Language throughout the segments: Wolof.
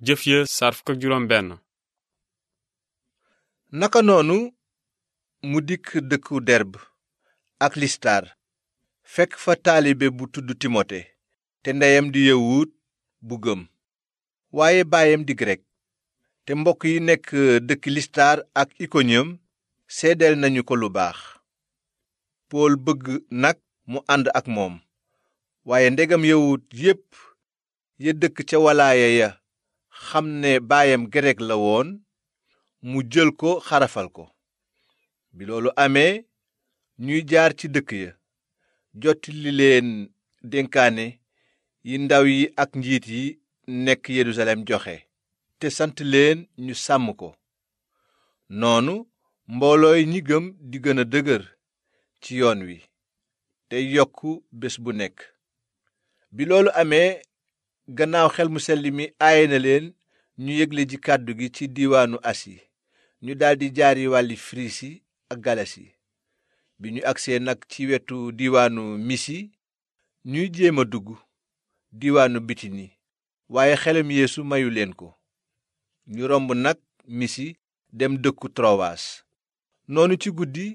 jëf ya saar naka noonu mu dikk dëkku derb ak listar fekk fa taalibe bu tudd timote te ndeyam di yawut bu gëm waaye baayam di grek te mbokk yi nekk dëkk listar ak ikoniyom seedeel nañu ko lu baax pool bëgg nag mu ànd ak moom waaye ndegam yawut yépp ya dëkk ca walaaya ya xam ne baayam grek la woon mu jël ko xarafal ko bi loolu amee ñuy jaar ci dëkk ya jotti leen dénkaane yi ndaw yi ak njiit yi nekk Yerusalem joxe te sant leen ñu sàmm ko noonu mboolooy ñi di gëna dëgër ci yoon wi te yokk bés bu nekk bi loolu amee gannaaw xel mu sell mi aaye na leen ñu yégle ji kàddu gi ci diwaanu asi ñu daldi jaari wàlli firisi ak galasi bi ñu agsee nag ci wetu diwaanu misi ñuy jéem a dugg diiwaanu bitini waaye xelam yeesu mayu leen ko ñu romb nag misi dem dëkku trowaas noonu ci guddi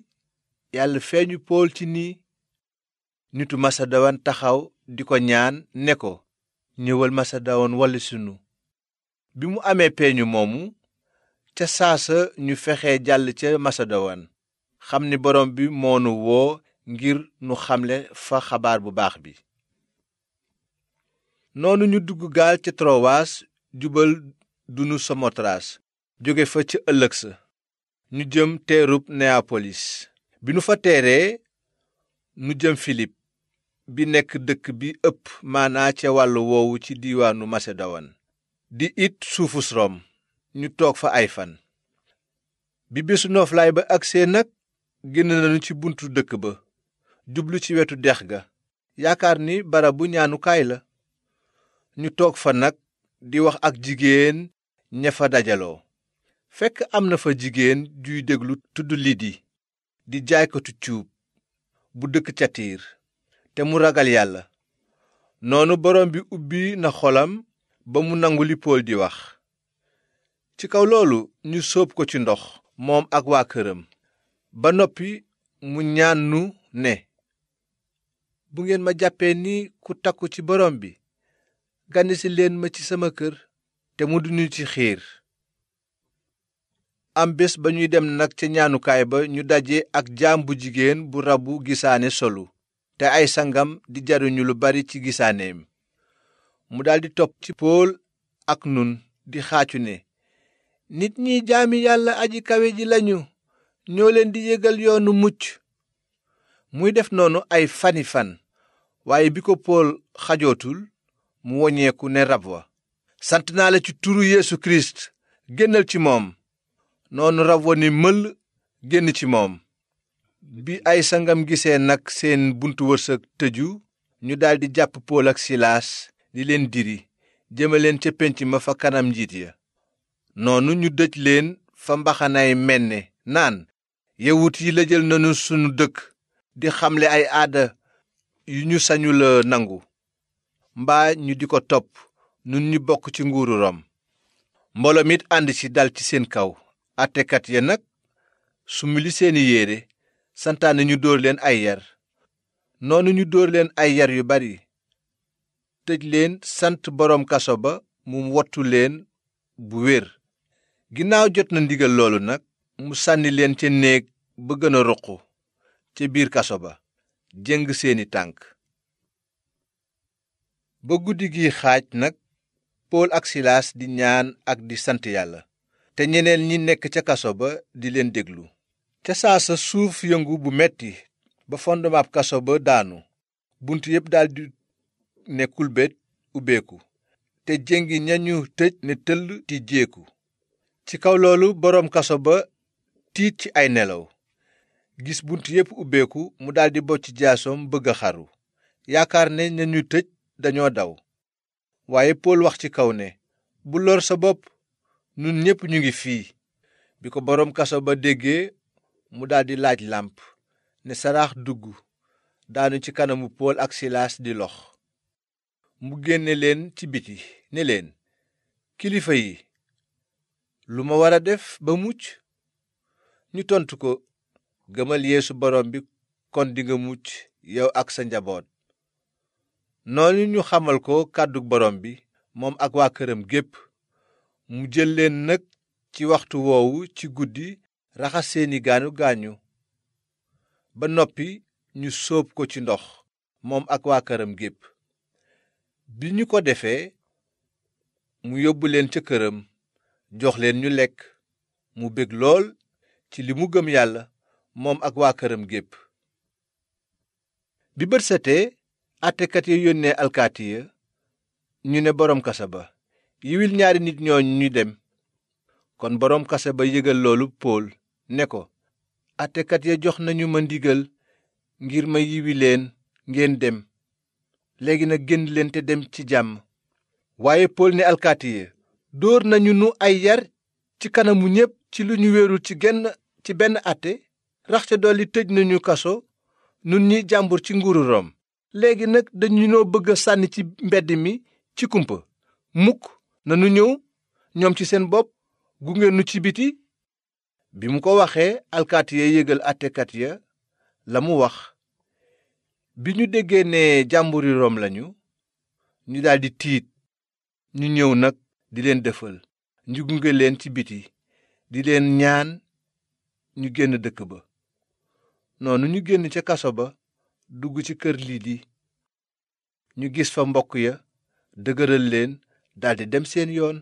yàlla feeñu pool ci ni nitu masadowan taxaw di ko ñaan ne ko ñëwal masedowan walli sunu bi mu amee peeñu moomu ca saasa ñu fexe jàll ca masedowan xam ni borom bi moonu woo ngir nu xamle fa xabaar bu baax bi noonu ñu dugg gaal ca trowaas jubal dunu samotraas jóge fa ca ëllëg sa ñu jëm teerub neapolis bi nu fa teeree nu jëm filip bi nekk dëkk bi ëpp maanaa ca wàll woowu ci diiwaanu masedowan di it suufu rom ñu toog fa ay fan bi bésu nooflaay ba agsee nag génn nañu ci buntu dëkk ba jublu ci wetu dex ga yaakaar ni barabu ñaanukaay la ñu toog fa nag di wax ak jigéen ña fa dajaloo fekk am na fa jigéen juy déglu tudd lidi di jaaykatu cuub bu dëkk ca tiir te mu ragal yàlla noonu borom bi ubbi na xolam ba mu nangu li pool di wax ci kaw loolu ñu sóob ko ci ndox moom ak waa këram ba noppi mu ñaan nu ne bu ngeen ma jàppee ni ku takku ci borom bi ganisi leen ma ci sama kër te mu duñu ci xiir am bés ba ñuy dem nag ca ñaanukaay ba ñu daje ak jaam bu jigéen bu rabu gisaane solu te ay sangam di jaruñu lu bari ci gisaaneem mu daldi topp ci pool ak nun di xaacu ne nit ñiy jaami yàlla aji kawe ji lañu ñoo leen di yëgal yoonu mucc muy def noonu ay fani fan waaye bi ko pool xajootul mu woññeeku ne rab wa sant naa la ci turu yeesu kirist génnal ci moom noonu rab wa ni mëll génn ci moom bi ay sangam gisee nag seen buntu wërsëg tëju ñu daldi jàpp pool ak silaas di leen diri leen ca pénc ma fa kanam njiit ya noonu ñu dëj leen fa mbaxanay menne naan yawut yi la jël nañu sunu dëkk di xamle ay aada yu ñu sañula nangu mbaa ñu di ko topp nun ñu bokk ci nguuru rom mbooloom it ànd ci dal ci seen kaw àttekat ya nag sumuli seeni yéere santaane ñu dóor leen ay yar noonu ñu dóor leen ay yar yu bari tëj leen sant boroom kaso ba mu wottu leen bu wér ginnaaw jot na ndigal loolu nag mu sànni leen ca néeg ba gën a ruq ca biir kaso ba jëng seeni tànk ba guddi gi xaaj nag pool ak silaas di ñaan ak di sant yàlla te ñeneen ñi nekk ca kaso ba di leen déglu ca saa sa suuf yëngu bu metti ba fondamaab kaso ba daanu bunt yépp daldi ne kulbét ubbeeku te jéngi ñañu tëj ne tëll di jeeku ci kaw loolu boroom kaso ba tiit ci ay nelaw gis bunt yépp ubbiku mu daldi bocc jaasoom bëgg a xaru yaakaar ne ñu tëj dañoo daw waaye pool wax ci kaw ne bu lor sa bopp nun ñépp ñu ngi fii bi ko boroom kaso ba déggee mu daldi laaj làmp ne saraax dugg daanu ci kanamu pool ak silaas di lox mu génne leen ci biti ne leen kilifa yi lu ma war a def ba mucc ñu tontu ko gëmal yéesu borom bi kon dinga mucc yow ak sa njaboot noonu ñu xamal ko kàddu borom bi moom ak waa këram gépp mu jël leen nag ci waxtu woowu ci guddi raxas seeni gaañu gaañu ba noppi ñu sóob ko ci ndox moom ak waa këram gépp bi ñu ko defee mu yóbbu leen ca këram jox leen ñu lekk mu bég lool ci li mu gëm yàlla moom ak waa këram gépp bi bët setee àttekat ya yónnee alkaati ya ñu ne boroom kasa ba yiwil ñaari nit ñoo ñu dem kon boroom kasa ba yëgal loolu pool ne ko àttekat ya jox nañu ma ndigal ngir ma yiwi leen ngeen dem léegi nag génn leen te dem ci jàmm waaye pool ne alkaati ya dóor nañu nu ay yar ci kanamu ñépp ci lu ñu wéerul ci genn ci benn àtte rax ca dolli tëj nañu kaso nu ñi jàmbur ci nguuru Room léegi nag dañu noo bëgg a sànni ci mbedd mi ci kumpa mukk nanu ñëw ñoom ci seen bopp gu gunge nu ci biti bi mu ko waxee alkaati ya yëgal àttekat ya la mu wax bi ñu déggee nee ne jàmburi Room lañu ñu daldi tiit ñu ñëw nag di leen defal ñu gunge leen ci biti di leen ñaan ñu génn dëkk ba noonu ñu génn ca kaso ba dugg ci kër Liidi ñu gis fa mbokk ya dëgëral leen daldi dem seen yoon